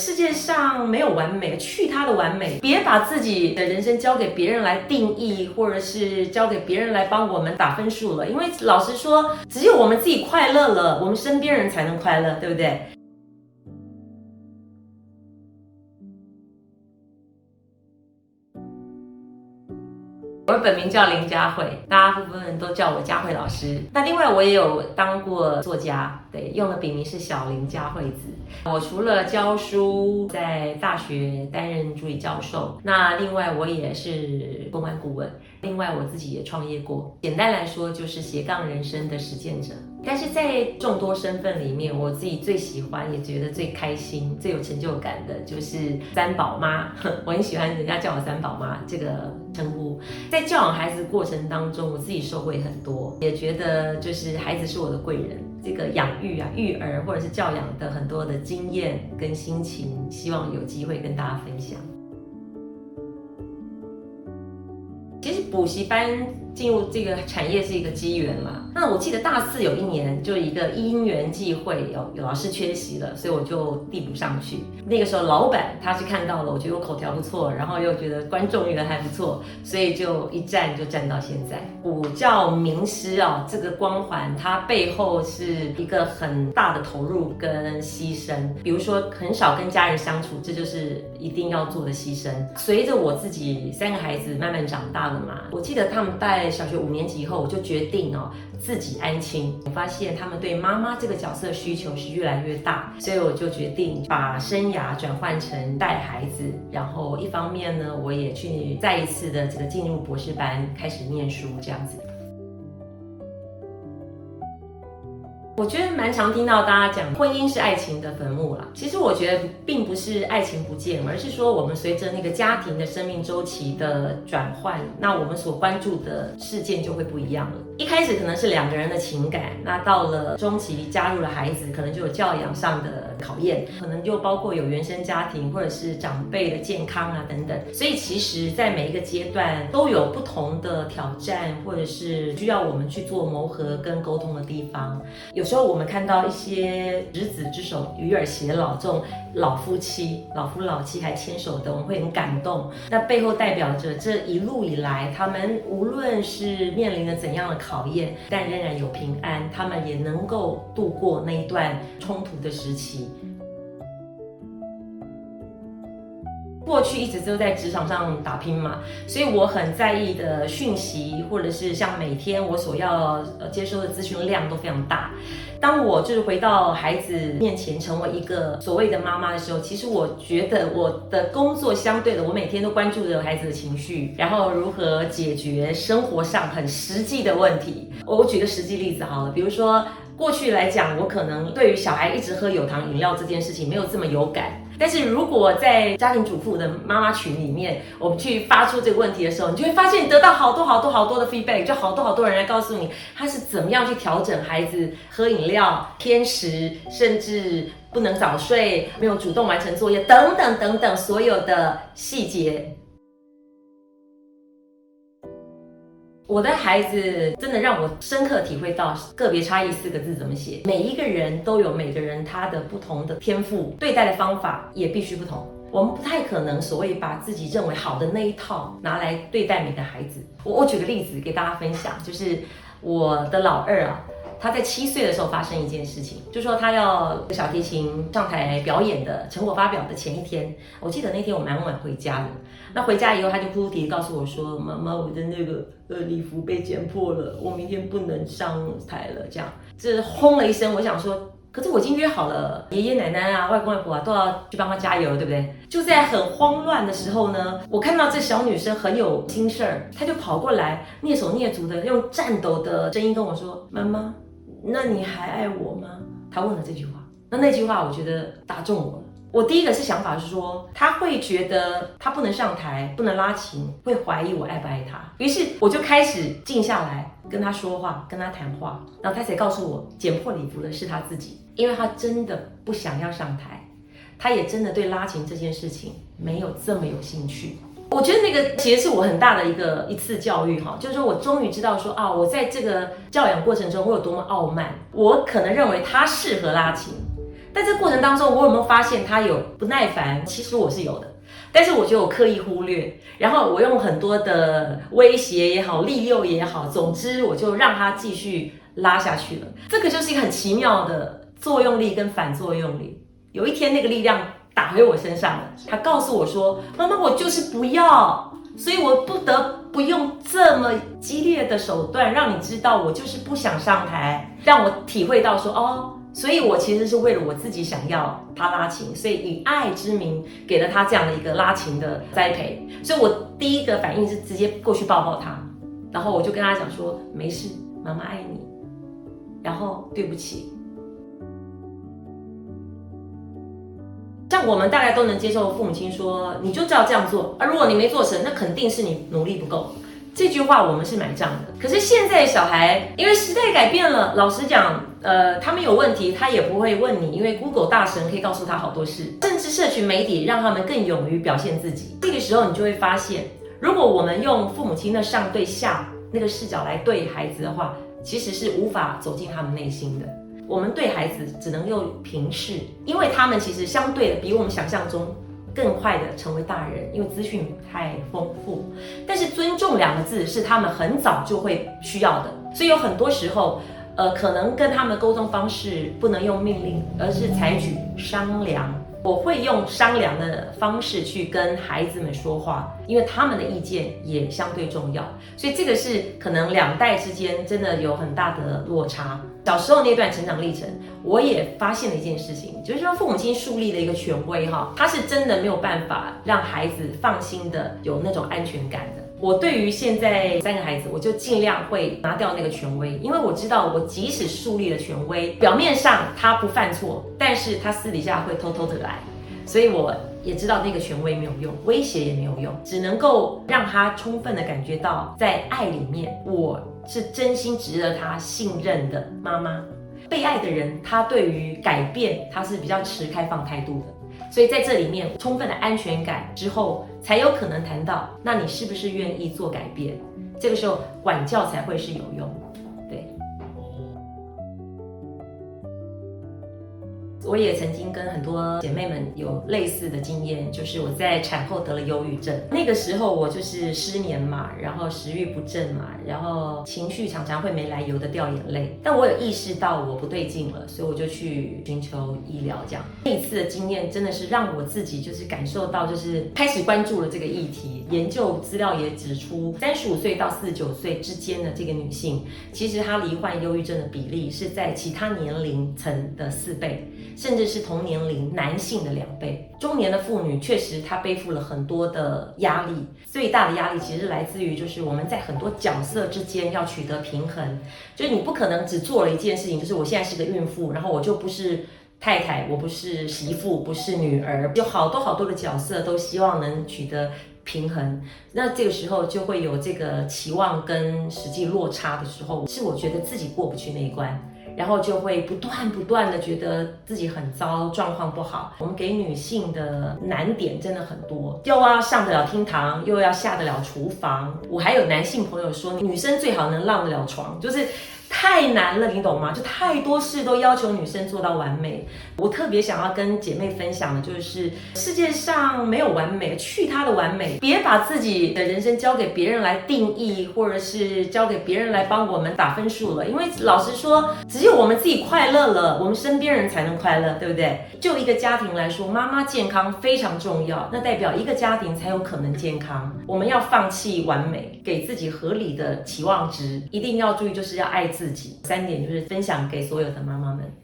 世界上沒有完美，去他的完美！別把自己的人生交給別人來定義，或者是交給別人來幫我們打分數了。因為老實說，只有我們自己快樂了，我們身邊人才能快樂，對不對？我本名叫林嘉慧，大家大部分人都叫我嘉慧老師。那另外，我也有當過作家。用的筆名是小林佳惠子。我除了教書，在大學擔任助理教授，那另外我也是公關顧問。另外我自己也創業過。簡單來說，就是斜槓人生的實踐者。但是在眾多身份裡面，我自己最喜歡，也覺得最開心、最有成就感的，就是三寶媽呵呵。我很喜歡人家叫我三寶媽這個稱呼。在教養孩子過程當中，我自己受惠很多，也覺得就是孩子是我的貴人。這個養。育啊，育兒或者是教養的很多的經驗跟心情，希望有機會跟大家分享。其實補習班，進入這個產業是一個機緣嘛。那我記得大四有一年，就一個一因緣際會，有有老師缺席了，所以我就遞補上去。那個時候老闆他是看到了，我覺得我口條不錯，然後又覺得觀眾緣還不錯，所以就一站就站到現在。補教名師啊、哦，這個光環它背後是一個很大的投入跟犧牲。比如說很少跟家人相處，這就是一定要做的犧牲。隨着我自己三個孩子慢慢長大了嘛，我記得他們帶。在小學五年級以後，我就決定哦自己安親。我發現他們對媽媽這個角色需求是越來越大，所以我就決定把生涯轉換成帶孩子。然後一方面呢，我也去再一次的這個進入博士班開始念書，這樣子。我覺得蠻常聽到大家講婚姻是愛情的墳墓啦。其實我覺得並不是愛情不見，而是說我們隨着那個家庭的生命周期的轉換，那我們所關注的事件就會不一樣了。一開始可能是兩個人的情感，那到了中期加入了孩子，可能就有教養上的考驗，可能又包括有原生家庭或者是長輩的健康啊等等。所以其實在每一個階段都有不同的挑戰，或者是需要我們去做磨合跟溝通的地方。有時候我們看到一些執子之手、與爾偕老這種老夫妻、老夫老妻還牽手的，我們會很感動。那背後代表着這一路以來，他們無論是面臨着怎樣的考驗，但仍然有平安，他們也能夠度過那一段衝突的時期。過去一直都在職場上打拼嘛，所以我很在意的訊息，或者是像每天我所要接收的資訊量都非常大。當我就是回到孩子面前，成為一個所謂的媽媽的時候，其實我覺得我的工作相對的，我每天都關注着孩子的情緒，然後如何解決生活上很實際的問題。我舉個實際例子好了，比如說。過去來講，我可能對於小孩一直喝有糖飲料這件事情沒有這麼有感。但是如果在家庭主婦的媽媽群裡面，我們去發出這個問題的時候，你就會發現你得到好多好多好多的 feedback，就好多好多人來告訴你他是怎麼樣去調整孩子喝飲料、偏食，甚至不能早睡、沒有主動完成作業等等等等所有的細節。我的孩子真的讓我深刻體會到“個別差異”四個字怎麼寫。每一個人都有每個人他的不同的天賦，對待的方法也必須不同。我們不太可能所謂把自己認為好的那一套拿來對待每個孩子。我我舉個例子給大家分享，就是我的老二啊。他在七歲的時候發生一件事情，就說他要小提琴上台表演的成果發表的前一天，我記得那天我蠻晚回家的。那回家以後，他就哭哭啼啼告訴我說：“媽媽，我的那個呃禮服被剪破了，我明天不能上台了。”這樣，這轟了一聲，我想說，可是我已經約好了爺爺奶奶啊、外公外婆啊都要去幫她加油，對不對？就在很慌亂的時候呢，我看到這小女生很有心事兒，她就跑過來躡手躡足的，用顫抖的聲音跟我說：“媽媽。”那你還愛我嗎？他問了這句話。那那句話，我覺得打中我了。我第一個是想法是說，他會覺得他不能上台，不能拉琴，會懷疑我愛不愛他。於是我就開始靜下來跟他說話，跟他談話，然後他才告訴我，剪破禮服的是他自己，因為他真的不想要上台，他也真的對拉琴這件事情沒有這麼有興趣。我覺得那個其實是我很大的一個一次教育哈，就是說我終於知道說啊，我在這個教養過程中我有多麼傲慢，我可能認為他適合拉琴，但這過程當中我有沒有發現他有不耐煩？其實我是有的，但是我覺得我刻意忽略，然後我用很多的威脅也好、利誘也好，總之我就讓他繼續拉下去了。這個就是一個很奇妙的作用力跟反作用力，有一天那個力量，打回我身上了。他告訴我說：“媽媽，我就是不要，所以我不得不用這麼激烈的手段，讓你知道我就是不想上台，讓我體會到說哦，所以我其實是為了我自己想要他拉琴，所以以愛之名給了他這樣的一個拉琴的栽培。所以我第一個反應是直接過去抱抱他，然後我就跟他講說：沒事，媽媽愛你。然後對不起。”像我們大概都能接受父母親說，你就知道這樣做啊。而如果你沒做成，那肯定是你努力不夠。這句話我們是買賬的。可是現在的小孩，因為時代改變了，老實講，呃，他們有問題他也不會問你，因為 Google 大神可以告訴他好多事，甚至社群媒體讓他們更勇於表現自己。這、那個時候你就會發現，如果我們用父母親的上對下那個視角來對孩子的話，其實是無法走進他們內心的。我們對孩子只能用平視，因為他們其實相對的比我們想象中更快地成為大人，因為資訊太豐富。但是尊重兩個字是他們很早就會需要的，所以有很多時候，呃，可能跟他們的溝通方式不能用命令，而是採取商量。我會用商量的方式去跟孩子們說話，因為他們的意見也相對重要。所以這個是可能兩代之間真的有很大的落差。小時候那段成長歷程，我也發現了一件事情，就是說父母親樹立的一個權威哈，他是真的沒有辦法讓孩子放心的有那種安全感的。我對於現在三個孩子，我就盡量會拿掉那個權威，因為我知道，我即使樹立了權威，表面上他不犯錯，但是他私底下會偷偷的來，所以我也知道那個權威沒有用，威脅也沒有用，只能夠讓他充分的感覺到，在愛裡面，我是真心值得他信任的媽媽。被愛的人，他對於改變，他是比較持開放態度的。所以在這裡面，充分的安全感之後，才有可能談到，那你是不是願意做改變？這個時候，管教才會是有用。我也曾經跟很多姐妹們有類似的經驗，就是我在產後得了憂鬱症。那個時候我就是失眠嘛，然後食欲不振嘛，然後情緒常常會沒來由的掉眼淚。但我有意識到我不對勁了，所以我就去尋求醫療這樣。那一次的經驗真的是讓我自己就是感受到，就是開始關注了這個議題。研究資料也指出，三十五歲到四十九歲之間的這個女性，其實她罹患憂鬱症的比例是在其他年齡層的四倍。甚至是同年齡男性的兩倍。中年的婦女確實她背負了很多的壓力，最大的壓力其實來自於就是我們在很多角色之間要取得平衡，就是你不可能只做了一件事情，就是我現在是個孕婦，然後我就不是太太，我不是媳婦，不是女兒，有好多好多的角色都希望能取得平衡，那這個時候就會有這個期望跟實際落差的時候，是我覺得自己過不去那一關。然後就會不斷不斷的覺得自己很糟，狀況不好。我們給女性的難點真的很多，又要上得了廳堂，又要下得了廚房。我還有男性朋友說，女生最好能浪得了床，就是。太難了，你懂嗎？就太多事都要求女生做到完美。我特別想要跟姐妹分享的就是，世界上沒有完美，去他的完美！別把自己的人生交給別人來定義，或者是交給別人來幫我們打分數了。因為老實說，只有我們自己快樂了，我們身邊人才能快樂，對不對？就一個家庭來說，媽媽健康非常重要，那代表一個家庭才有可能健康。我們要放棄完美，給自己合理的期望值，一定要注意就是要愛自己。三點就是分享給所有的媽媽們。